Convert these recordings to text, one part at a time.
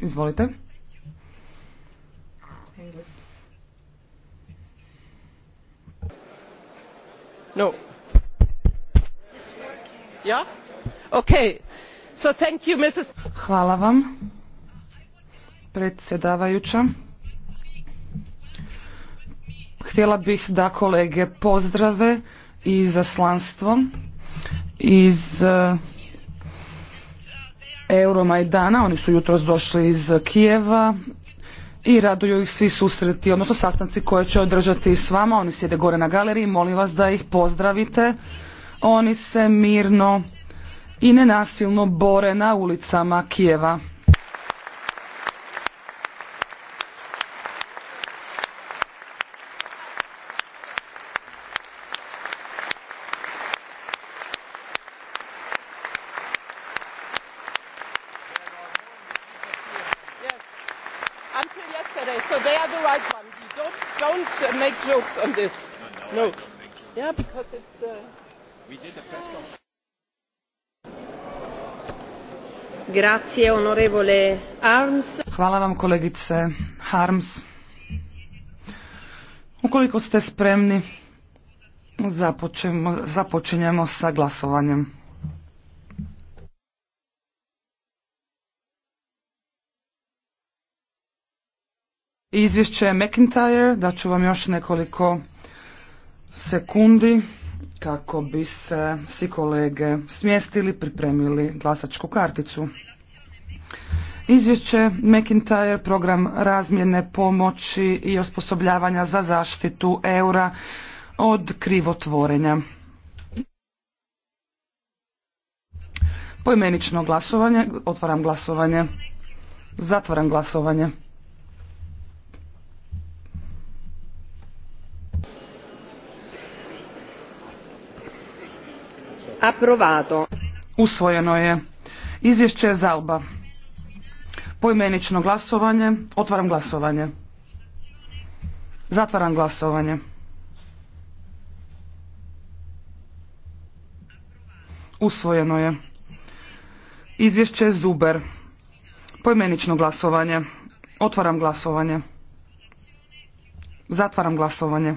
Izvolite. Hvala vam, predsjedavajuća. Htjela bih da kolege pozdrave i zaslanstvo iz Euromajdana. Oni su jutros došli iz Kijeva i raduju ih svi susreti, odnosno sastanci koje će održati s vama. Oni sjede gore na galeriji, molim vas da ih pozdravite. Oni se mirno i nenasilno bore na ulicama Kijeva. this? No. Yeah, because it's. Uh... We did a press conference. Grazie, onorevole Harms. Hvala vam kolegice Harms. Ukoliko ste spremni, započemo, započinjemo sa glasovanjem. izvješće McIntyre. ću vam još nekoliko sekundi kako bi se svi kolege smjestili, pripremili glasačku karticu. Izvješće McIntyre, program razmjene pomoći i osposobljavanja za zaštitu eura od krivotvorenja. Poimenično glasovanje, otvaram glasovanje, zatvaram glasovanje. Aprovato. Usvojeno je. Izvješće Zalba. Poimenično glasovanje. Otvaram glasovanje. Zatvaram glasovanje. Usvojeno je. Izvješće Zuber. Poimenično glasovanje. Otvaram glasovanje. Zatvaram glasovanje.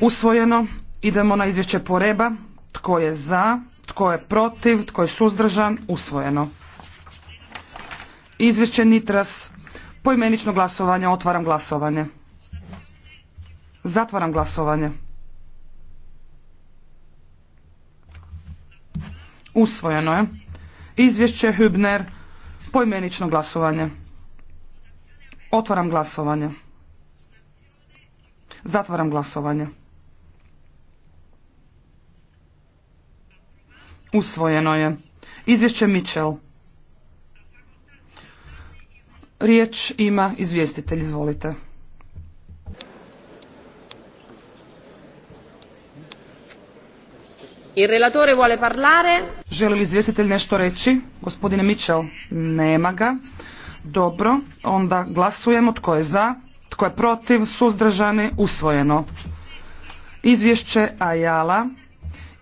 Usvojeno. Idemo na izvješće poreba. Tko je za? Tko je protiv? Tko je suzdržan? Usvojeno. Izvješće Nitras. Poimenično glasovanje. Otvaram glasovanje. Zatvaram glasovanje. Usvojeno je. Izvješće Hübner. Poimenično glasovanje. Otvaram glasovanje. Zatvaram glasovanje. Usvojeno je. Izvješće Mitchell. Riječ ima izvjestitelj, izvolite. Il relatore vuole parlare? Želi li izvjestitelj nešto reći? Gospodine Mitchell, nema ga. Dobro, onda glasujemo. Tko je za? Tko je protiv? Suzdržani? Usvojeno. Izvješće Ajala.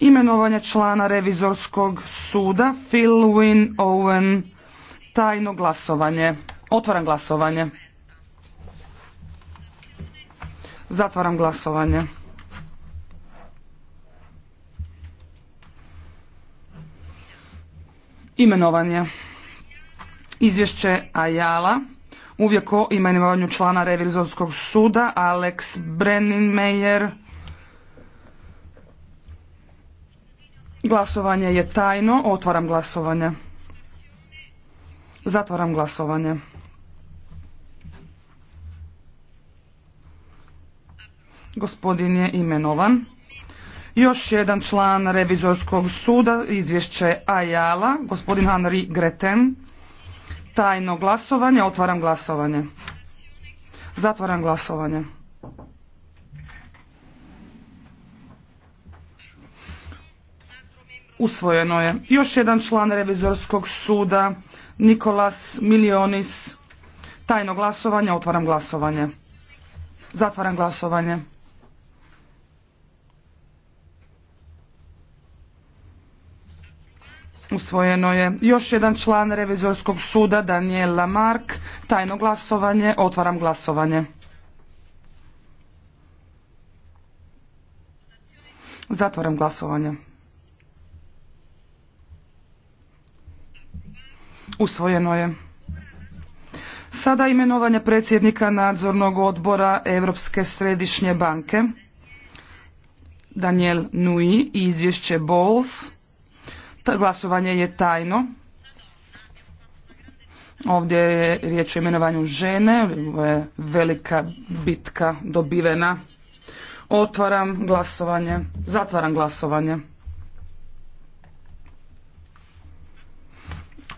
Imenovanje člana revizorskog suda Phil Win Owen. Tajno glasovanje. Otvaram glasovanje. Zatvaram glasovanje. Imenovanje. Izvješće Ajala uvijek o imenovanju člana revizorskog suda Alex Breninmeyer. Glasovanje je tajno. Otvaram glasovanje. Zatvaram glasovanje. Gospodin je imenovan. Još jedan član revizorskog suda, izvješće Ajala, gospodin Henri Greten tajno glasovanje. Otvaram glasovanje. Zatvaram glasovanje. Usvojeno je. Još jedan član revizorskog suda, Nikolas Milionis. Tajno glasovanje, otvaram glasovanje. Zatvaram glasovanje. Usvojeno je još jedan član revizorskog suda, Daniel Lamarck. Tajno glasovanje, otvaram glasovanje. Zatvaram glasovanje. Usvojeno je. Sada imenovanje predsjednika nadzornog odbora Europske središnje banke. Daniel Nui i izvješće Bowles. Glasovanje je tajno. Ovdje je riječ o imenovanju žene, ovo je velika bitka dobivena. Otvaram glasovanje, zatvaram glasovanje.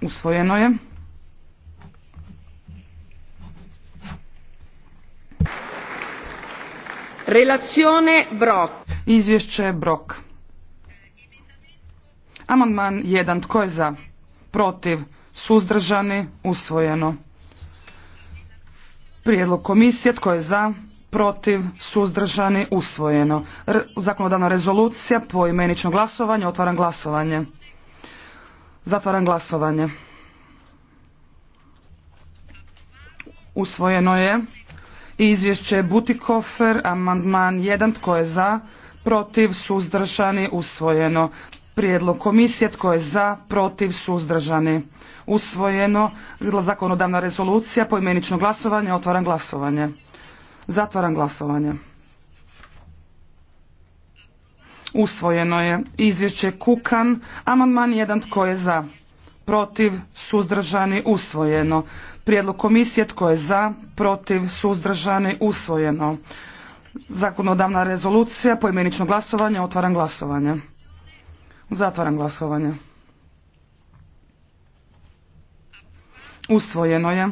Usvojeno je. Relazione Brok. Izvješće Brok. Amandman 1. Tko je za? Protiv? Suzdržani? Usvojeno. Prijedlog komisije. Tko je za? Protiv? Suzdržani? Usvojeno. zakonodavna rezolucija. Poimenično glasovanje. Otvaram glasovanje. Zatvaram glasovanje. Usvojeno je. izvješće Butikofer, amandman 1, tko je za, protiv, suzdržani, usvojeno. Prijedlog komisije tko je za, protiv, suzdržani. Usvojeno. Zakonodavna rezolucija, poimenično glasovanje, otvaram glasovanje. Zatvaram glasovanje. Usvojeno je izvješće Kukan, amandman jedan tko je za, protiv, suzdržani, usvojeno. Prijedlog komisije tko je za, protiv, suzdržani, usvojeno. Zakonodavna rezolucija, poimenično glasovanje, otvaram glasovanje. Zatvaram glasovanje. Usvojeno je.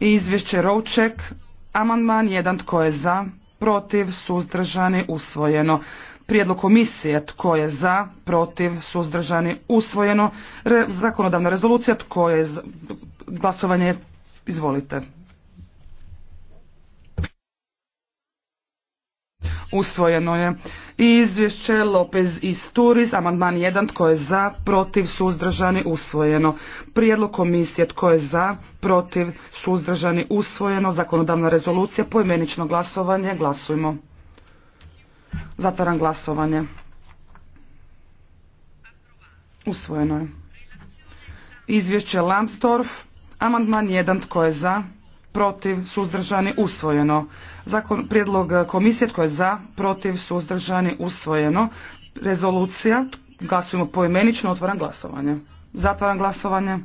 I izvješće Rovček. amandman jedan tko je za, protiv, suzdržani, usvojeno. Prijedlog komisije, tko je za, protiv, suzdržani, usvojeno. zakonodavna rezolucija, tko je za, glasovanje, izvolite. usvojeno je. izvješće Lopez i Turis, amandman 1, tko je za, protiv, suzdržani, usvojeno. Prijedlog komisije, tko je za, protiv, suzdržani, usvojeno. Zakonodavna rezolucija, poimenično glasovanje, glasujmo. Zatvaram glasovanje. Usvojeno je. Izvješće Lambsdorff, amandman 1, tko je za, protiv, suzdržani, usvojeno. Zakon, prijedlog komisije, tko je za, protiv, suzdržani, usvojeno. Rezolucija, glasujemo poimenično, otvaram glasovanje. Zatvaram glasovanje.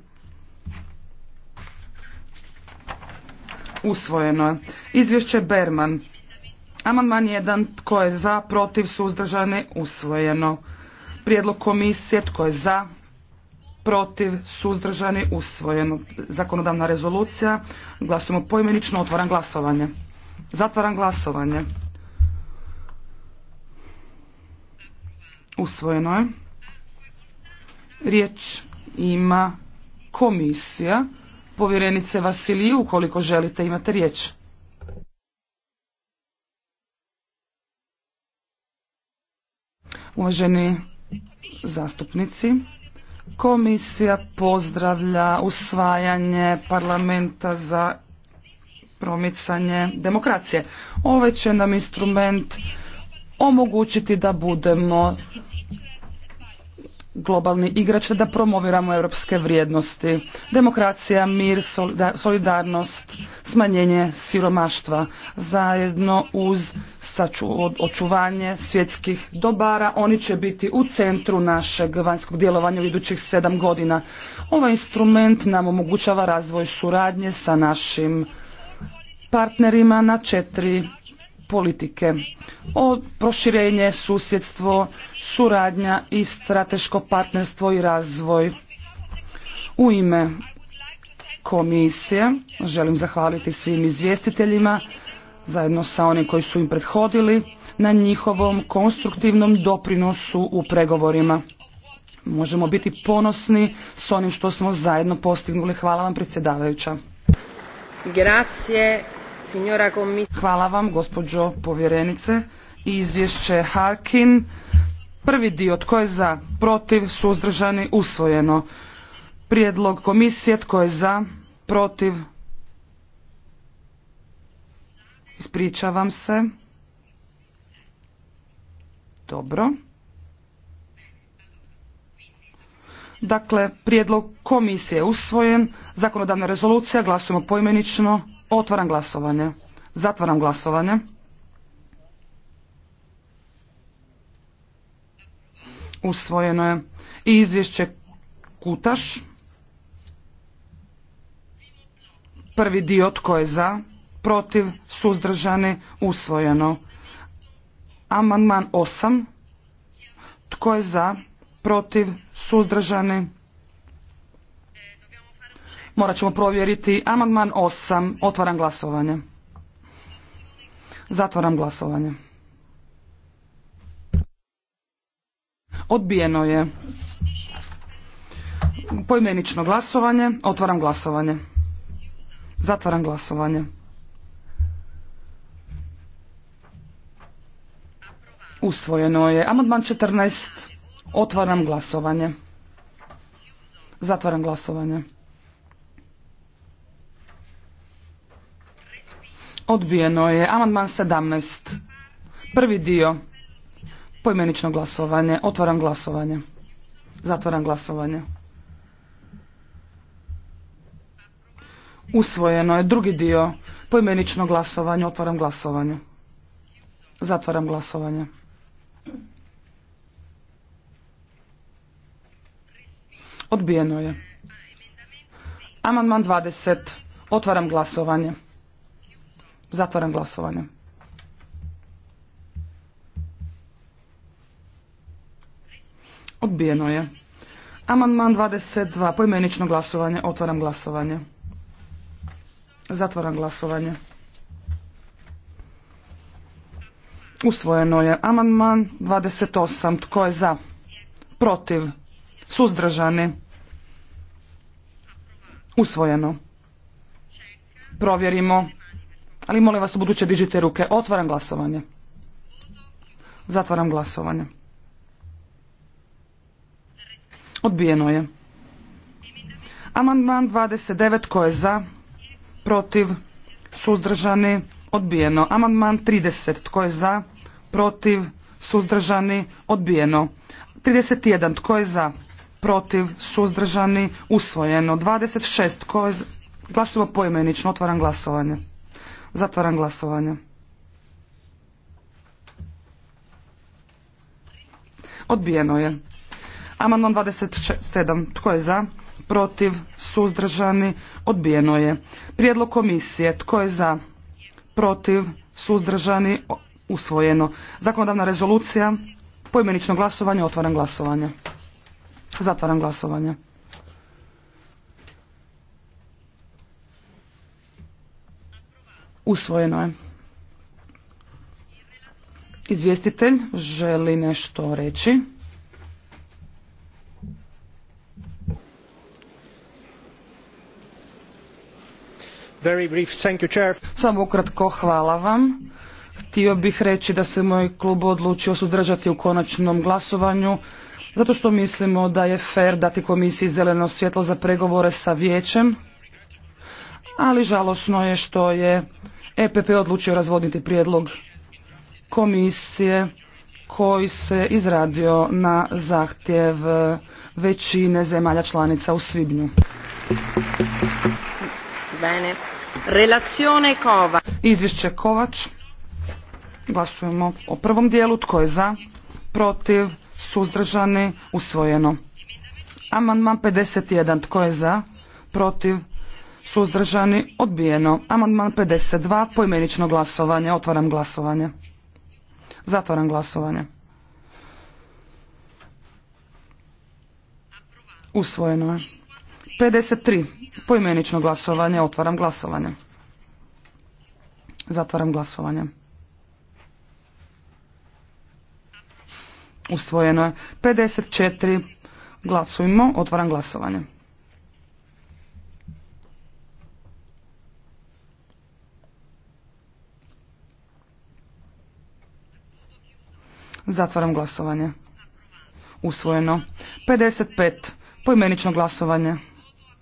Usvojeno je. Izvješće Berman. Amandman 1. Tko je za, protiv, suzdržani, usvojeno. Prijedlog komisije. Tko je za, protiv, suzdržani, usvojeno. Zakonodavna rezolucija. Glasujemo poimenično, otvaram glasovanje. Zatvaram glasovanje. Usvojeno je. Riječ ima komisija. Povjerenice Vasiliju, ukoliko želite, imate riječ. Uvaženi zastupnici, Komisija pozdravlja usvajanje parlamenta za promicanje demokracije. Ovaj će nam instrument omogućiti da budemo globalni igrač da promoviramo europske vrijednosti. Demokracija, mir, solidarnost, smanjenje siromaštva zajedno uz saču, očuvanje svjetskih dobara. Oni će biti u centru našeg vanjskog djelovanja u idućih sedam godina. Ovaj instrument nam omogućava razvoj suradnje sa našim partnerima na četiri politike. O proširenje, susjedstvo, suradnja i strateško partnerstvo i razvoj. U ime komisije želim zahvaliti svim izvjestiteljima zajedno sa onim koji su im prethodili na njihovom konstruktivnom doprinosu u pregovorima. Možemo biti ponosni s onim što smo zajedno postignuli. Hvala vam predsjedavajuća. signora Hvala vam gospođo povjerenice. Izvješće Harkin. Prvi dio tko je za, protiv, suzdržani, usvojeno. Prijedlog komisije tko je za, protiv, Ispričavam se. Dobro. Dakle, prijedlog komisije je usvojen. Zakonodavna rezolucija. Glasujemo poimenično. Otvaram glasovanje. Zatvaram glasovanje. Usvojeno je i izvješće Kutaš. Prvi dio tko je za? protiv, suzdržani, usvojeno. Amandman 8. Tko je za, protiv, suzdržani? Morat ćemo provjeriti. Amandman 8. Otvaram glasovanje. Zatvaram glasovanje. Odbijeno je. Poimenično glasovanje. Otvaram glasovanje. Zatvaram glasovanje. Usvojeno je. Amandman 14. Otvaram glasovanje. Zatvaram glasovanje. Odbijeno je. Amandman 17. Prvi dio. Pojmenično glasovanje. Otvaram glasovanje. Zatvaram glasovanje. Usvojeno je. Drugi dio. Poimenično glasovanje. Otvaram glasovanje. Zatvaram glasovanje. Odbijeno je. Amandman 20. Otvaram glasovanje. Zatvaram glasovanje. Odbijeno je. Amandman 22. Pojmenično glasovanje. Otvaram glasovanje. Zatvaram glasovanje. Usvojeno je amandman 28. Tko je za? Protiv? Suzdržani? Usvojeno. Provjerimo. Ali molim vas, buduće dižite ruke. Otvaram glasovanje. Zatvaram glasovanje. Odbijeno je. Amandman 29. Tko je za? Protiv? Suzdržani? Odbijeno. Amandman 30. Tko je za? protiv, suzdržani, odbijeno. 31. Tko je za? Protiv, suzdržani, usvojeno. 26. Tko je za? Glasujemo poimenično. Otvaram glasovanje. Zatvaram glasovanje. Odbijeno je. Amandman 27. Tko je za? Protiv, suzdržani, odbijeno je. Prijedlog komisije. Tko je za? Protiv, suzdržani, usvojeno. Zakonodavna rezolucija, poimenično glasovanje, otvaram glasovanje. Zatvaram glasovanje. Usvojeno je. Izvjestitelj želi nešto reći. Samo ukratko, hvala vam. Htio bih reći da se moj klub odlučio suzdržati u konačnom glasovanju zato što mislimo da je fer dati komisiji zeleno svjetlo za pregovore sa vijećem, ali žalosno je što je EPP odlučio razvoditi prijedlog komisije koji se izradio na zahtjev većine zemalja članica u Svibnju. Bene. Izvješće Kovač. Glasujemo o prvom dijelu. Tko je za? Protiv? Suzdržani? Usvojeno. Amandman 51. Tko je za? Protiv? Suzdržani? Odbijeno. Amandman 52. Poimenično glasovanje. Otvaram glasovanje. Zatvaram glasovanje. Usvojeno je. 53. Poimenično glasovanje. Otvaram glasovanje. Zatvaram glasovanje. Usvojeno je 54. Glasujmo. Otvaram glasovanje. Zatvaram glasovanje. Usvojeno. 55. Poimenično glasovanje.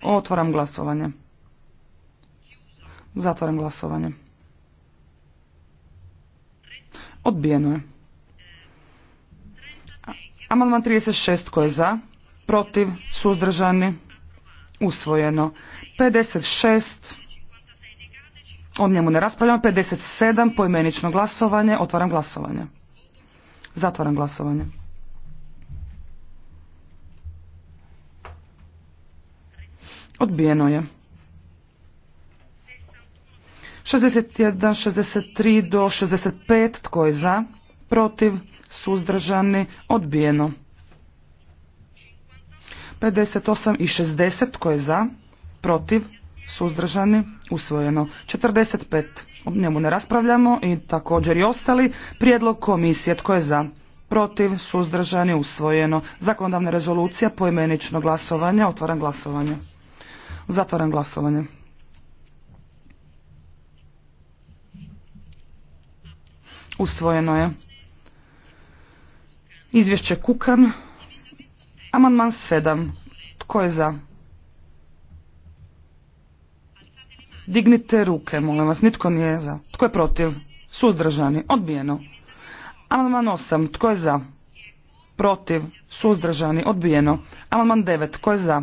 Otvaram glasovanje. Zatvaram glasovanje. Odbijeno je. Amandman 36 koji je za? Protiv? Suzdržani? Usvojeno. 56. O njemu ne raspravljamo. 57. Poimenično glasovanje. Otvaram glasovanje. Zatvaram glasovanje. Odbijeno je. 61, 63 do 65. Tko je za? Protiv? suzdržani, odbijeno. 58 i 60 koje je za, protiv, suzdržani, usvojeno. 45, o njemu ne raspravljamo i također i ostali. Prijedlog komisije tko je za, protiv, suzdržani, usvojeno. Zakonodavna rezolucija, poimenično glasovanje, otvaram glasovanje. Zatvaram glasovanje. Usvojeno je. Izvješće Kukan. Amandman 7. Tko je za? Dignite ruke, molim vas. Nitko nije za. Tko je protiv? Suzdržani. Odbijeno. Amandman 8. Tko je za? Protiv. Suzdržani. Odbijeno. Amandman 9. Tko je za?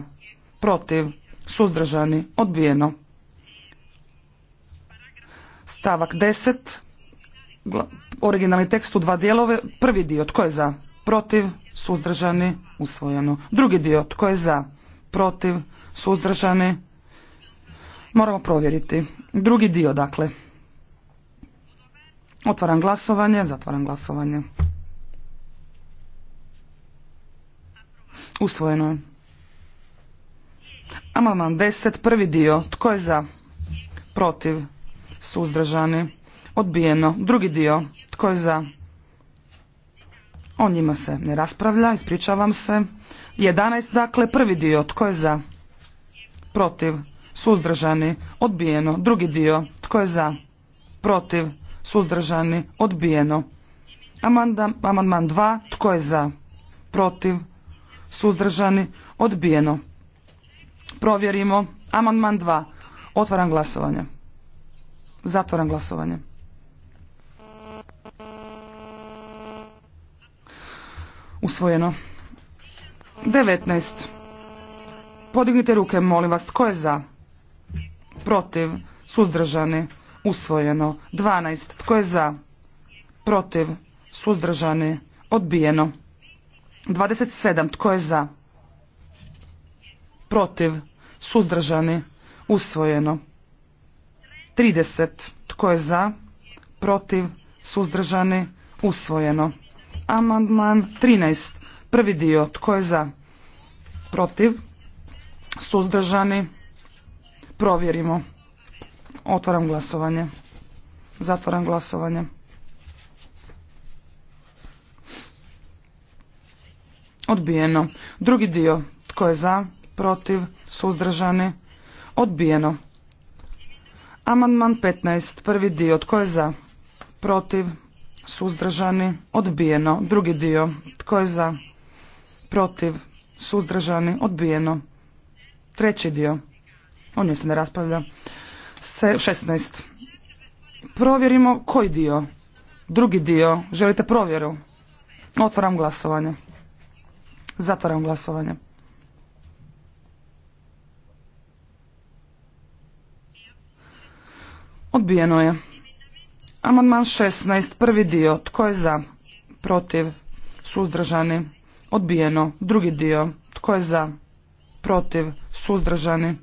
Protiv. Suzdržani. Odbijeno. Stavak 10. Originalni tekst u dva dijelove. Prvi dio. Tko je za? protiv, suzdržani, usvojeno. Drugi dio, tko je za, protiv, suzdržani, moramo provjeriti. Drugi dio, dakle. Otvaram glasovanje, zatvaram glasovanje. Usvojeno je. Amandman 10, prvi dio, tko je za, protiv, suzdržani, odbijeno. Drugi dio, tko je za, o njima se ne raspravlja, ispričavam se. 11, dakle, prvi dio, tko je za? Protiv, suzdržani, odbijeno. Drugi dio, tko je za? Protiv, suzdržani, odbijeno. Amandman 2, tko je za? Protiv, suzdržani, odbijeno. Provjerimo. Amandman 2. Otvaram glasovanje. Zatvaram glasovanje. Usvojeno. 19. Podignite ruke, molim vas. Tko je za? Protiv. Suzdržani. Usvojeno. 12. Tko je za? Protiv. Suzdržani. Odbijeno. 27. Tko je za? Protiv. Suzdržani. Usvojeno. 30. Tko je za? Protiv. Suzdržani. Usvojeno. Amandman 13. Prvi dio. Tko je za? Protiv? Suzdržani? Provjerimo. Otvaram glasovanje. Zatvaram glasovanje. Odbijeno. Drugi dio. Tko je za? Protiv? Suzdržani? Odbijeno. Amandman 15. Prvi dio. Tko je za? Protiv? suzdržani, odbijeno. Drugi dio, tko je za, protiv, suzdržani, odbijeno. Treći dio, o njoj se ne raspravlja, se, 16. Provjerimo koji dio, drugi dio, želite provjeru? Otvaram glasovanje. Zatvaram glasovanje. Odbijeno je. Amandman 16. Prvi dio. Tko je za? Protiv. Suzdržani. Odbijeno. Drugi dio. Tko je za? Protiv. Suzdržani.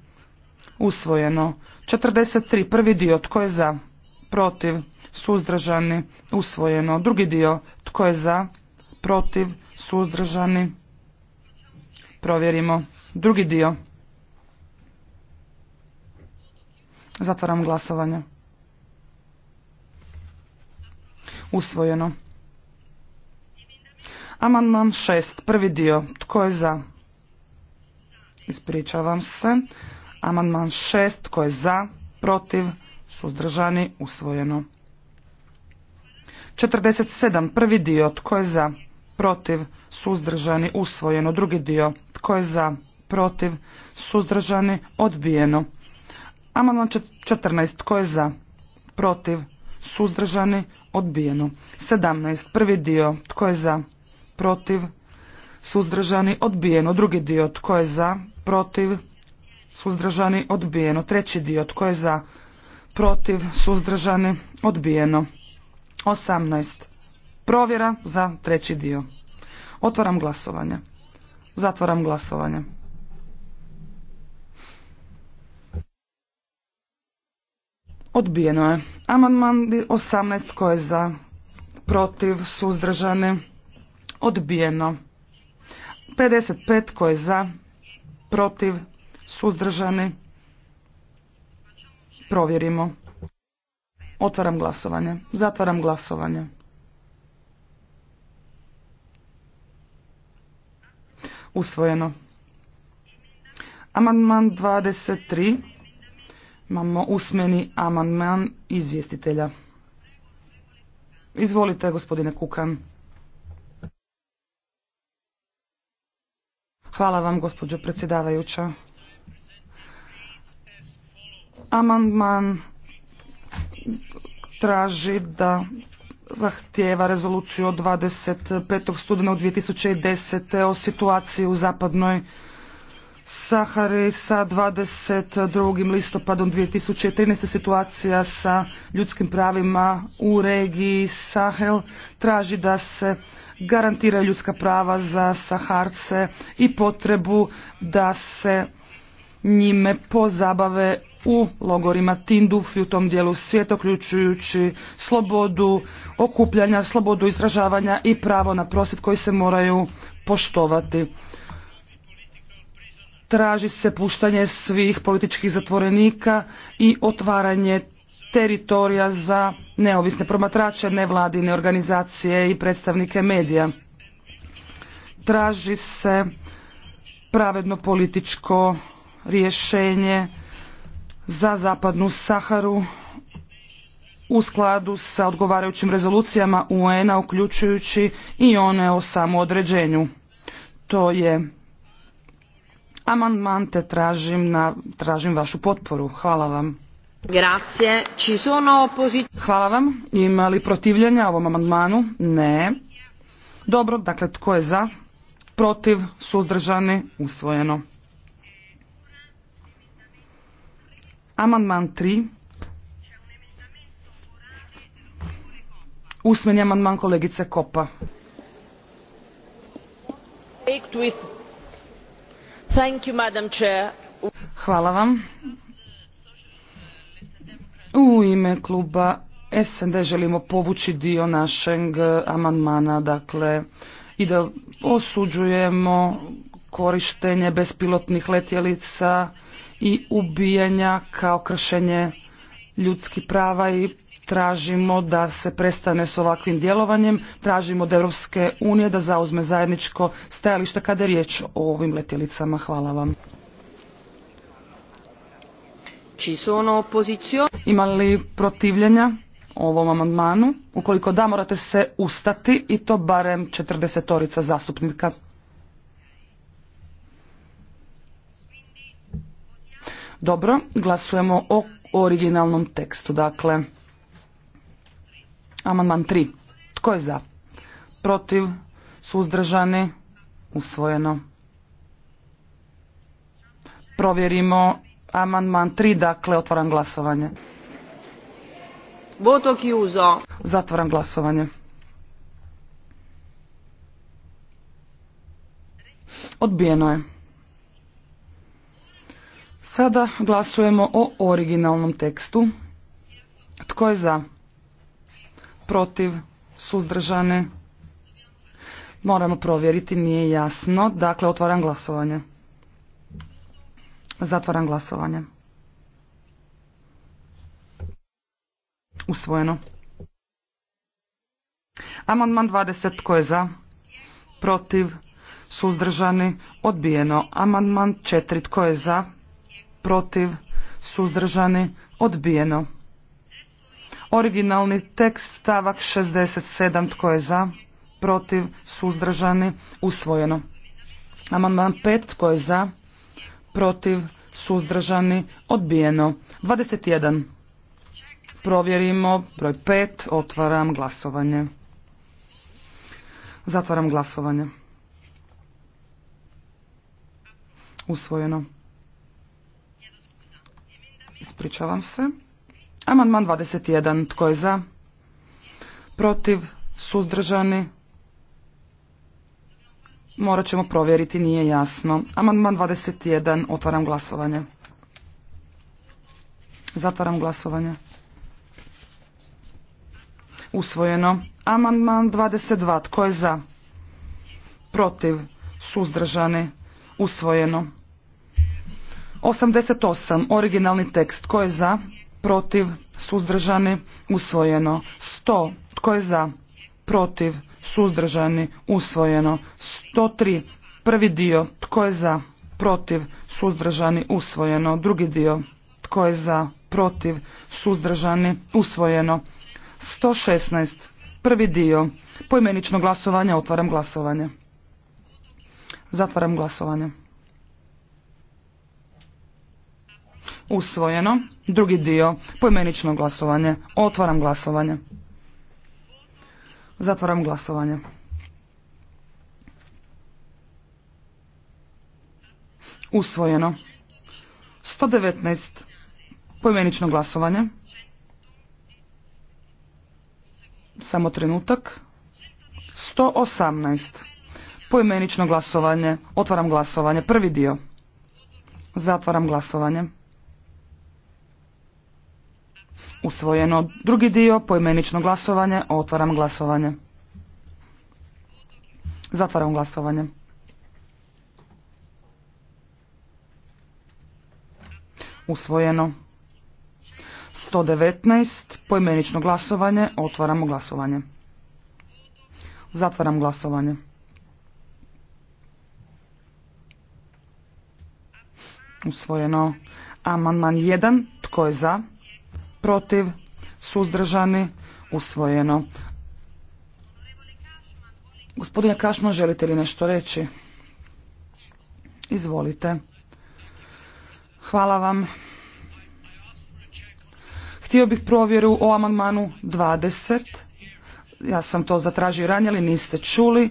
Usvojeno. 43. Prvi dio. Tko je za? Protiv. Suzdržani. Usvojeno. Drugi dio. Tko je za? Protiv. Suzdržani. Provjerimo. Drugi dio. Zatvaram glasovanje. Usvojeno. Amandman 6. Prvi dio. Tko je za? Ispričavam se. Amandman 6. Tko je za? Protiv? Suzdržani? Usvojeno. 47. Prvi dio. Tko je za? Protiv? Suzdržani? Usvojeno. Drugi dio. Tko je za? Protiv? Suzdržani? Odbijeno. Amandman 14. Tko je za? Protiv? Suzdržani? odbijeno. 17. Prvi dio, tko je za, protiv, suzdržani, odbijeno. Drugi dio, tko je za, protiv, suzdržani, odbijeno. Treći dio, tko je za, protiv, suzdržani, odbijeno. 18. Provjera za treći dio. Otvaram glasovanje. Zatvaram glasovanje. Odbijeno je. Amandman 18 koje za, protiv, suzdržane, odbijeno. 55 koje za, protiv, suzdržane, provjerimo. Otvaram glasovanje. Zatvaram glasovanje. Usvojeno. Amandman 23. Imamo usmeni amandman izvjestitelja. Izvolite, gospodine Kukan. Hvala vam, gospođo predsjedavajuća. Amandman traži da zahtjeva rezoluciju od 25. studenog 2010. o situaciji u zapadnoj Sahari sa 22. listopadom 2013. situacija sa ljudskim pravima u regiji Sahel traži da se garantira ljudska prava za Saharce i potrebu da se njime pozabave u logorima Tinduf i u tom dijelu svijet, uključujući slobodu okupljanja, slobodu izražavanja i pravo na prosvjed koji se moraju poštovati traži se puštanje svih političkih zatvorenika i otvaranje teritorija za neovisne promatrače, nevladine organizacije i predstavnike medija. Traži se pravedno političko rješenje za zapadnu Saharu u skladu sa odgovarajućim rezolucijama UN-a uključujući i one o samoodređenju. To je amandman te tražim, na, tražim vašu potporu. Hvala vam. Grazie. Ci sono Hvala vam. Ima li protivljenja ovom amandmanu? Ne. Dobro, dakle tko je za? Protiv, suzdržani, usvojeno. Amandman 3. Usmeni amandman kolegice Kopa. Hvala vam. U ime kluba SND želimo povući dio našeg e, amandmana, dakle i da osuđujemo korištenje bespilotnih letjelica i ubijanja kao kršenje ljudskih prava i tražimo da se prestane s ovakvim djelovanjem, tražimo od Europske unije da zauzme zajedničko stajalište kada je riječ o ovim letjelicama. Hvala vam. Ima li protivljenja ovom amandmanu? Ukoliko da, morate se ustati i to barem četrdesetorica zastupnika. Dobro, glasujemo o originalnom tekstu. Dakle, Amandman 3. Tko je za? Protiv? Suzdržani? Usvojeno. Provjerimo amandman 3, dakle otvaram glasovanje. Voto chiuso. Zatvaram glasovanje. Odbijeno je. Sada glasujemo o originalnom tekstu. Tko je za? protiv, suzdržane. Moramo provjeriti, nije jasno. Dakle, otvaram glasovanje. Zatvaram glasovanje. Usvojeno. Amandman 20. Tko je za? Protiv? Suzdržani? Odbijeno. Amandman 4. Tko je za? Protiv? Suzdržani? Odbijeno. Originalni tekst stavak 67. Tko je za? Protiv? Suzdržani? Usvojeno. Amandman 5. Tko je za? Protiv? Suzdržani? Odbijeno. 21. Provjerimo. Broj 5. Otvaram glasovanje. Zatvaram glasovanje. Usvojeno. Ispričavam se. Amandman 21. Tko je za? Protiv? Suzdržani? Morat ćemo provjeriti, nije jasno. Amandman 21. Otvaram glasovanje. Zatvaram glasovanje. Usvojeno. Amandman 22. Tko je za? Protiv? Suzdržani? Usvojeno. 88. Originalni tekst. Tko je za? protiv, suzdržani, usvojeno. 100. Tko je za? Protiv, suzdržani, usvojeno. 103. Prvi dio. Tko je za? Protiv, suzdržani, usvojeno. Drugi dio. Tko je za? Protiv, suzdržani, usvojeno. 116. Prvi dio. Poimenično glasovanje. Otvaram glasovanje. Zatvaram glasovanje. Usvojeno. Drugi dio. Pojmenično glasovanje. Otvaram glasovanje. Zatvaram glasovanje. Usvojeno. 119. Pojmenično glasovanje. Samo trenutak. 118. Pojmenično glasovanje. Otvaram glasovanje. Prvi dio. Zatvaram glasovanje. Usvojeno. Drugi dio, poimenično glasovanje, otvaram glasovanje. Zatvaram glasovanje. Usvojeno. 119, poimenično glasovanje, Otvaram glasovanje. Zatvaram glasovanje. Usvojeno. Amandman 1, tko je za? protiv, suzdržani, usvojeno. Gospodine Kašman, želite li nešto reći? Izvolite. Hvala vam. Htio bih provjeru o amandmanu 20. Ja sam to zatražio ranije, ali niste čuli.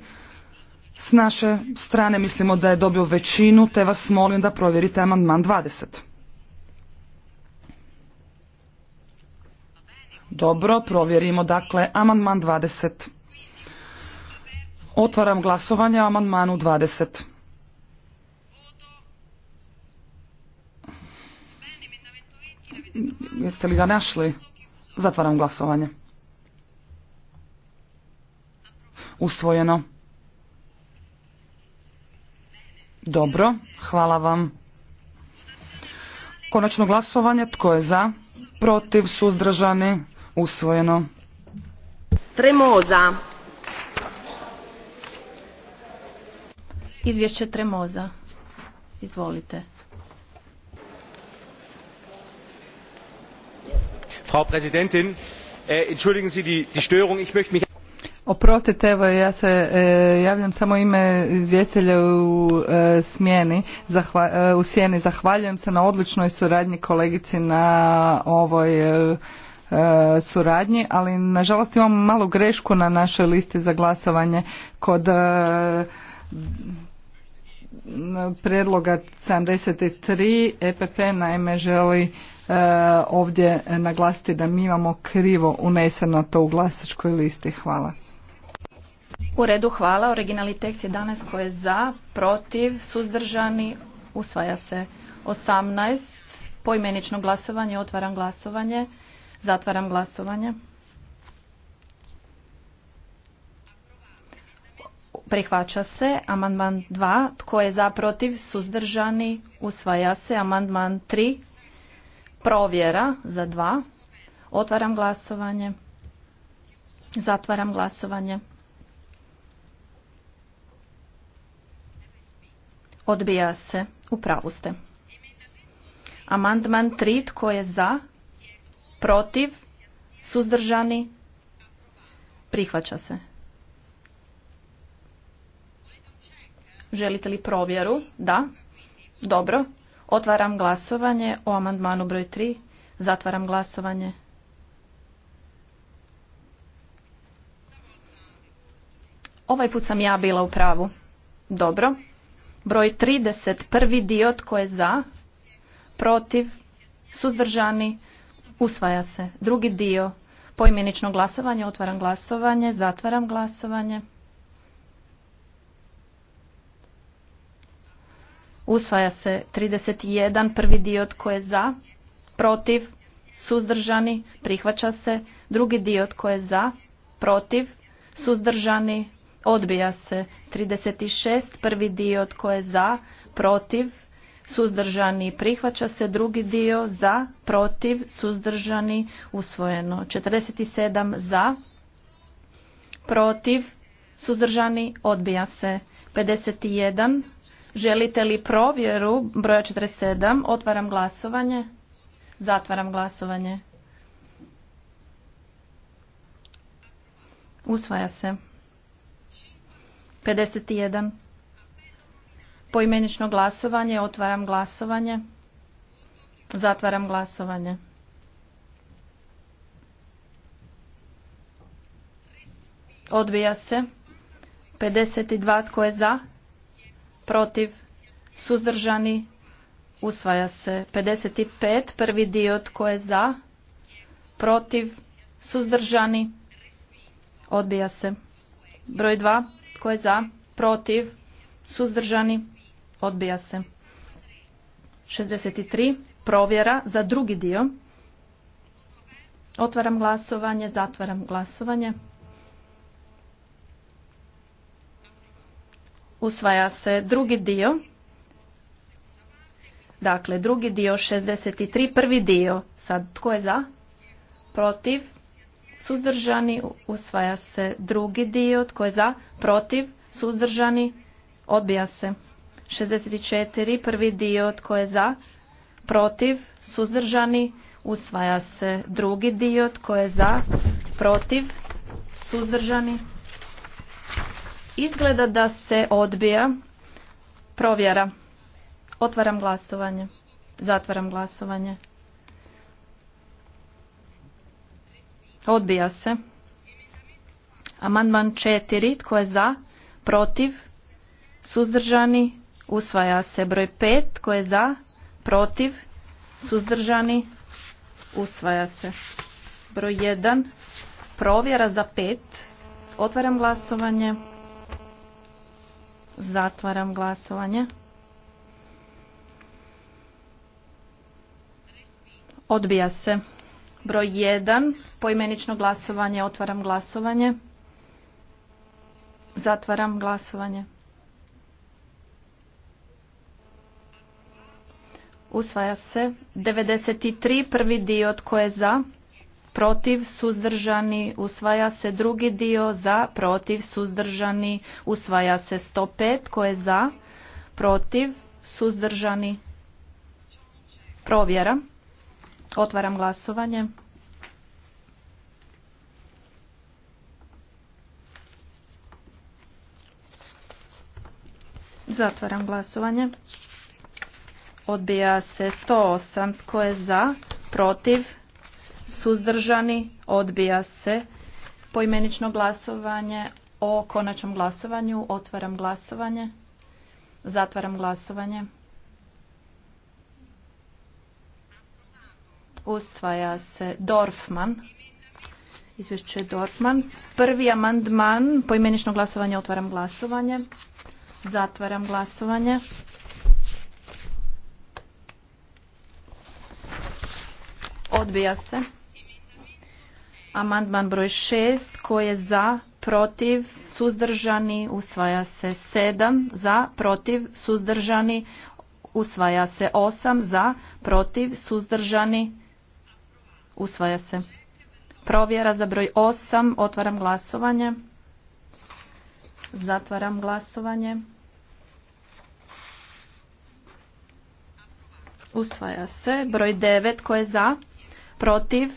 S naše strane mislimo da je dobio većinu, te vas molim da provjerite amandman 20. Dobro, provjerimo dakle amandman 20. Otvaram glasovanje o amandmanu 20. Jeste li ga našli? Zatvaram glasovanje. Usvojeno. Dobro, hvala vam. Konačno glasovanje, tko je za? Protiv, suzdržani, usvojeno. Tremoza. Izvješće Tremoza. Izvolite. Frau Präsidentin, äh, entschuldigen Sie die, Störung. Ich möchte mich Oprostite, evo ja se e, javljam samo ime izvjestitelja u e, smjeni, e, u sjeni. Zahvaljujem se na odličnoj suradnji kolegici na ovoj E, suradnji, ali nažalost imamo malu grešku na našoj listi za glasovanje kod e, predloga 73 EPP naime želi e, ovdje naglasiti da mi imamo krivo uneseno to u glasačkoj listi. Hvala. U redu hvala. Originalni tekst danas koji je za, protiv, suzdržani, usvaja se. 18. Poimenično glasovanje, otvaram glasovanje. Zatvaram glasovanje. Prihvaća se. Amandman 2. Tko je za protiv? Suzdržani. Usvaja se. Amandman 3. Provjera za 2. Otvaram glasovanje. Zatvaram glasovanje. Odbija se. U pravu ste. Amandman 3. Tko je za? protiv, suzdržani, prihvaća se. Želite li provjeru? Da. Dobro. Otvaram glasovanje o amandmanu broj 3. Zatvaram glasovanje. Ovaj put sam ja bila u pravu. Dobro. Broj 30. Prvi dio tko je za, protiv, suzdržani, Usvaja se. Drugi dio. Poimenično glasovanje. Otvaram glasovanje. Zatvaram glasovanje. Usvaja se 31. Prvi dio tko je za. Protiv. Suzdržani. Prihvaća se. Drugi dio tko je za. Protiv. Suzdržani. Odbija se. 36. Prvi dio tko je za. Protiv suzdržani prihvaća se drugi dio za protiv suzdržani usvojeno 47 za protiv suzdržani odbija se 51 želite li provjeru broja 47 otvaram glasovanje zatvaram glasovanje usvaja se 51 Poimenično glasovanje, otvaram glasovanje. Zatvaram glasovanje. Odbija se. 52 tko je za? Protiv? Suzdržani? Usvaja se. 55 prvi dio tko je za? Protiv? Suzdržani? Odbija se. Broj 2 tko je za? Protiv? Suzdržani? Odbija se. 63. Provjera za drugi dio. Otvaram glasovanje, zatvaram glasovanje. Usvaja se drugi dio. Dakle, drugi dio 63, prvi dio. Sad, tko je za? Protiv? Suzdržani? Usvaja se drugi dio. Tko je za? Protiv? Suzdržani? Odbija se. 64. Prvi dio tko je za? Protiv? Suzdržani? Usvaja se. Drugi dio tko je za? Protiv? Suzdržani? Izgleda da se odbija. Provjera. Otvaram glasovanje. Zatvaram glasovanje. Odbija se. Amandman 4. Tko je za? Protiv? Suzdržani? Usvaja se broj 5. Tko je za? Protiv? Suzdržani? Usvaja se. Broj 1. Provjera za 5. Otvaram glasovanje. Zatvaram glasovanje. Odbija se. Broj 1. Poimenično glasovanje. Otvaram glasovanje. Zatvaram glasovanje. Usvaja se. 93. Prvi dio tko je za? Protiv. Suzdržani. Usvaja se. Drugi dio za. Protiv. Suzdržani. Usvaja se. 105. Tko je za? Protiv. Suzdržani. Provjera. Otvaram glasovanje. Zatvaram glasovanje. Odbija se 108. Tko je za? Protiv? Suzdržani? Odbija se. Poimenično glasovanje o konačnom glasovanju. Otvaram glasovanje. Zatvaram glasovanje. Usvaja se Dorfman. Izvješće Dorfman. Prvi amandman, poimenično glasovanje, otvaram glasovanje. Zatvaram glasovanje. Odbija se. Amandman broj 6. Tko je za, protiv, suzdržani, usvaja se 7. Za, protiv, suzdržani, usvaja se 8. Za, protiv, suzdržani, usvaja se. Provjera za broj 8. Otvaram glasovanje. Zatvaram glasovanje. Usvaja se. Broj 9. Tko je za? protiv,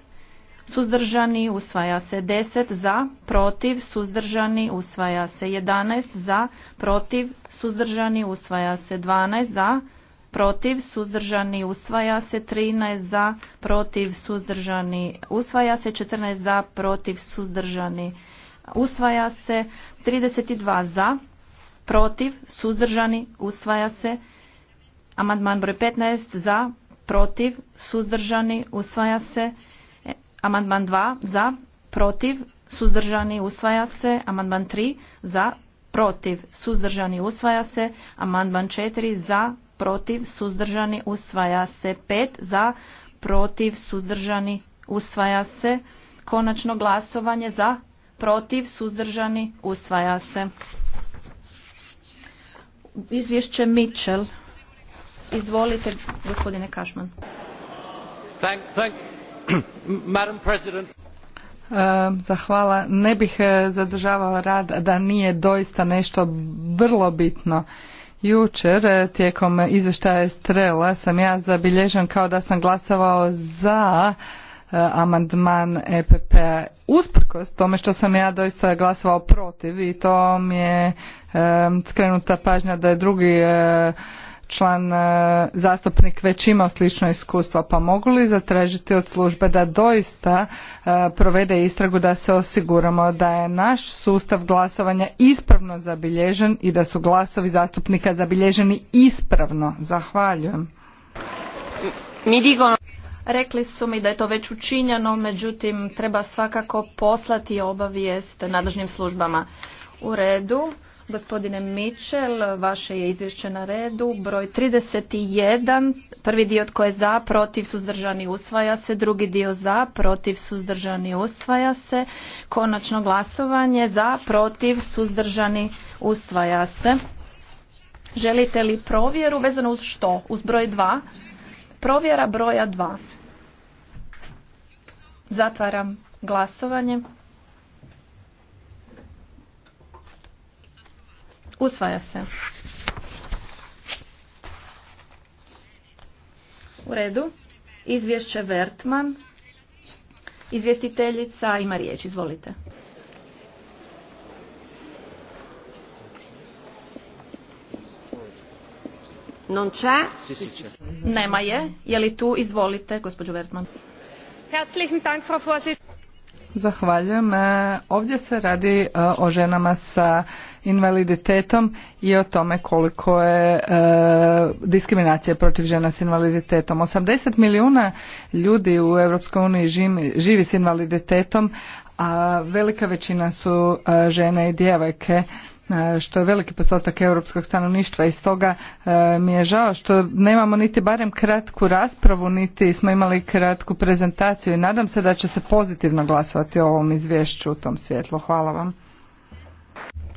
suzdržani, usvaja se 10 za, protiv, suzdržani, usvaja se 11 za, protiv, suzdržani, usvaja se 12 za, protiv, suzdržani, usvaja se 13 za, protiv, suzdržani, usvaja se 14 za, protiv, suzdržani, usvaja se 32 za, protiv, suzdržani, usvaja se Amandman broj 15 za, protiv, suzdržani, usvaja se. E, amandman 2 za, protiv, suzdržani, usvaja se. Amandman 3 za, protiv, suzdržani, usvaja se. Amandman 4 za, protiv, suzdržani, usvaja se. 5 za, protiv, suzdržani, usvaja se. Konačno glasovanje za, protiv, suzdržani, usvaja se. Izvješće Mitchell. Izvolite, gospodine Kašman. E, zahvala. Ne bih e, zadržavala rad da nije doista nešto vrlo bitno. Jučer e, tijekom izvještaja Strela sam ja zabilježen kao da sam glasovao za amandman EPP-a usprkos tome što sam ja doista glasovao protiv i to mi je skrenuta pažnja da je drugi član e, zastupnik već imao slično iskustvo, pa mogu li zatražiti od službe da doista e, provede istragu da se osiguramo da je naš sustav glasovanja ispravno zabilježen i da su glasovi zastupnika zabilježeni ispravno? Zahvaljujem. Mi Rekli su mi da je to već učinjeno, međutim treba svakako poslati obavijest nadležnim službama. U redu, Gospodine Mitchell, vaše je izvješće na redu. Broj 31, prvi dio tko je za, protiv, suzdržani, usvaja se. Drugi dio za, protiv, suzdržani, usvaja se. Konačno glasovanje za, protiv, suzdržani, usvaja se. Želite li provjeru vezano uz što? Uz broj 2? Provjera broja 2. Zatvaram glasovanje. Usvaja se. U redu. Izvješće Vertman. Izvjestiteljica ima riječ. Izvolite. Non c'è? Nema je. Je li tu? Izvolite, gospođo Vertman. Herzlichen Dank, Frau Vorsitz. Zahvaljujem. E, ovdje se radi e, o ženama sa invaliditetom i o tome koliko je e, diskriminacija protiv žena s invaliditetom. 80 milijuna ljudi u EU živi s invaliditetom, a velika većina su žene i djevojke. E, što je veliki postotak europskog stanovništva i stoga e, mi je žao što nemamo niti barem kratku raspravu niti smo imali kratku prezentaciju i nadam se da će se pozitivno glasovati o ovom izvješću u tom svjetlu. Hvala vam.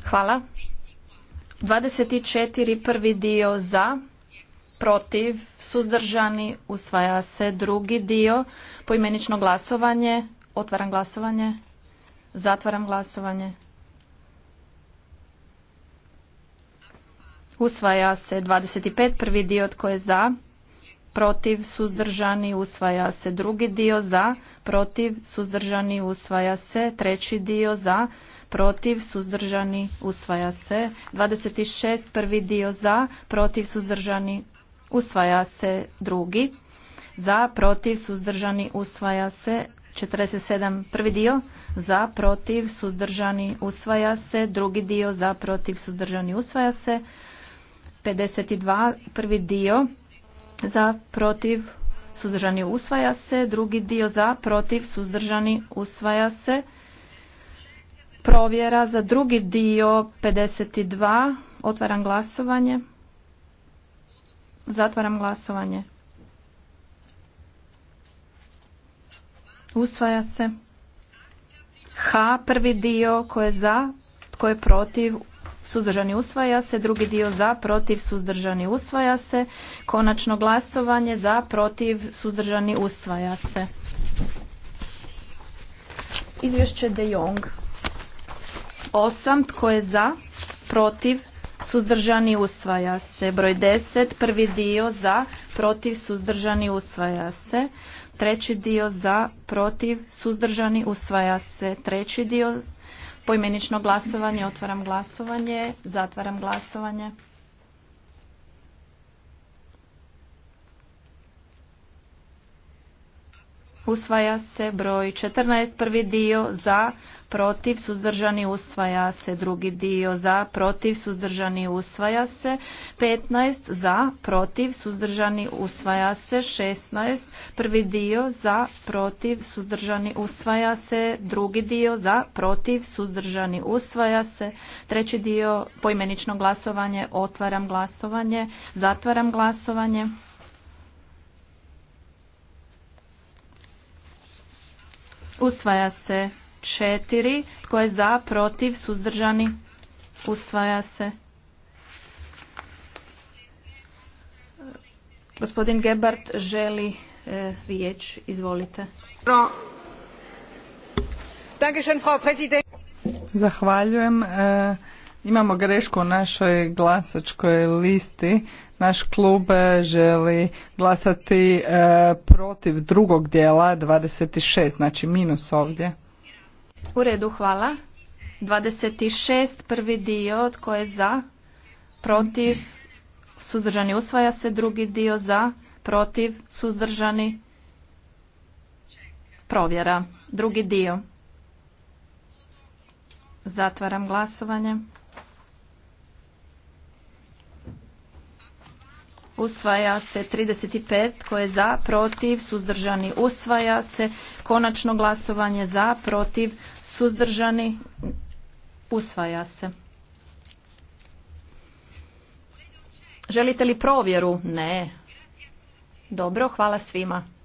Hvala. 24. prvi dio za, protiv, suzdržani, usvaja se drugi dio, poimenično glasovanje, otvaram glasovanje, zatvaram glasovanje. Usvaja se 25. prvi dio tko je za, protiv, suzdržani, usvaja se drugi dio za, protiv, suzdržani, usvaja se treći dio za, protiv, suzdržani, usvaja se 26. prvi dio za, protiv, suzdržani, usvaja se drugi za, protiv, suzdržani, usvaja se 47. prvi dio za, protiv, suzdržani, usvaja se drugi dio za, protiv, suzdržani, usvaja se 52, prvi dio za protiv suzdržani usvaja se, drugi dio za protiv suzdržani usvaja se. Provjera za drugi dio 52, otvaram glasovanje. Zatvaram glasovanje. Usvaja se. H, prvi dio, koje je za, tko je protiv, suzdržani usvaja se, drugi dio za, protiv, suzdržani usvaja se, konačno glasovanje za, protiv, suzdržani usvaja se. Izvješće De Jong. Osam, tko je za, protiv, suzdržani usvaja se. Broj deset, prvi dio za, protiv, suzdržani usvaja se. Treći dio za, protiv, suzdržani usvaja se. Treći dio Poimenično glasovanje, otvaram glasovanje, zatvaram glasovanje. usvaja se broj 14 prvi dio za protiv suzdržani usvaja se drugi dio za protiv suzdržani usvaja se 15 za protiv suzdržani usvaja se 16 prvi dio za protiv suzdržani usvaja se drugi dio za protiv suzdržani usvaja se treći dio poimenično glasovanje otvaram glasovanje zatvaram glasovanje Usvaja se četiri Tko je za, protiv, suzdržani? Usvaja se. Gospodin Gebart želi e, riječ. Izvolite. Zahvaljujem. E, Imamo grešku u našoj glasačkoj listi. Naš klub e, želi glasati e, protiv drugog dijela 26, znači minus ovdje. U redu, hvala. 26, prvi dio, tko je za, protiv, suzdržani usvaja se, drugi dio za, protiv, suzdržani, provjera. Drugi dio. Zatvaram glasovanje. usvaja se 35 koje za, protiv, suzdržani, usvaja se konačno glasovanje za, protiv, suzdržani, usvaja se. Želite li provjeru? Ne. Dobro, hvala svima.